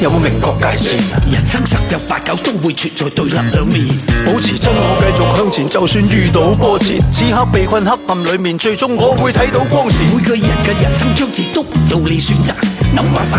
有冇明確界線？人生十有八九都會存在對立兩面，嗯，嗯嗯、保持真我繼續向前，就算遇到波折，此刻被困黑暗裡面，最終我會睇到光線。每個人嘅人生章節都唔由你選擇，諗辦法。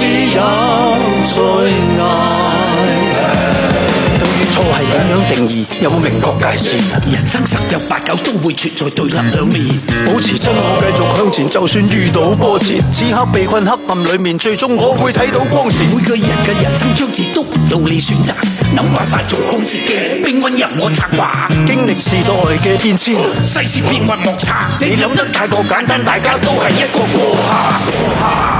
只有最愛。對於錯係點樣定義，有冇明確界線？人生十有八九都會存在對立兩面。嗯、保持真我，繼續向前，嗯、就算遇到波折。嗯、此刻被困黑暗裏面，最終我會睇到光線。每個人嘅人生章節都唔到你選擇，諗辦法做好自己。冰温入我策劃、嗯嗯、經歷時代嘅變遷，世事變幻莫測。你諗得太過簡單，大家都係一個過客。過客。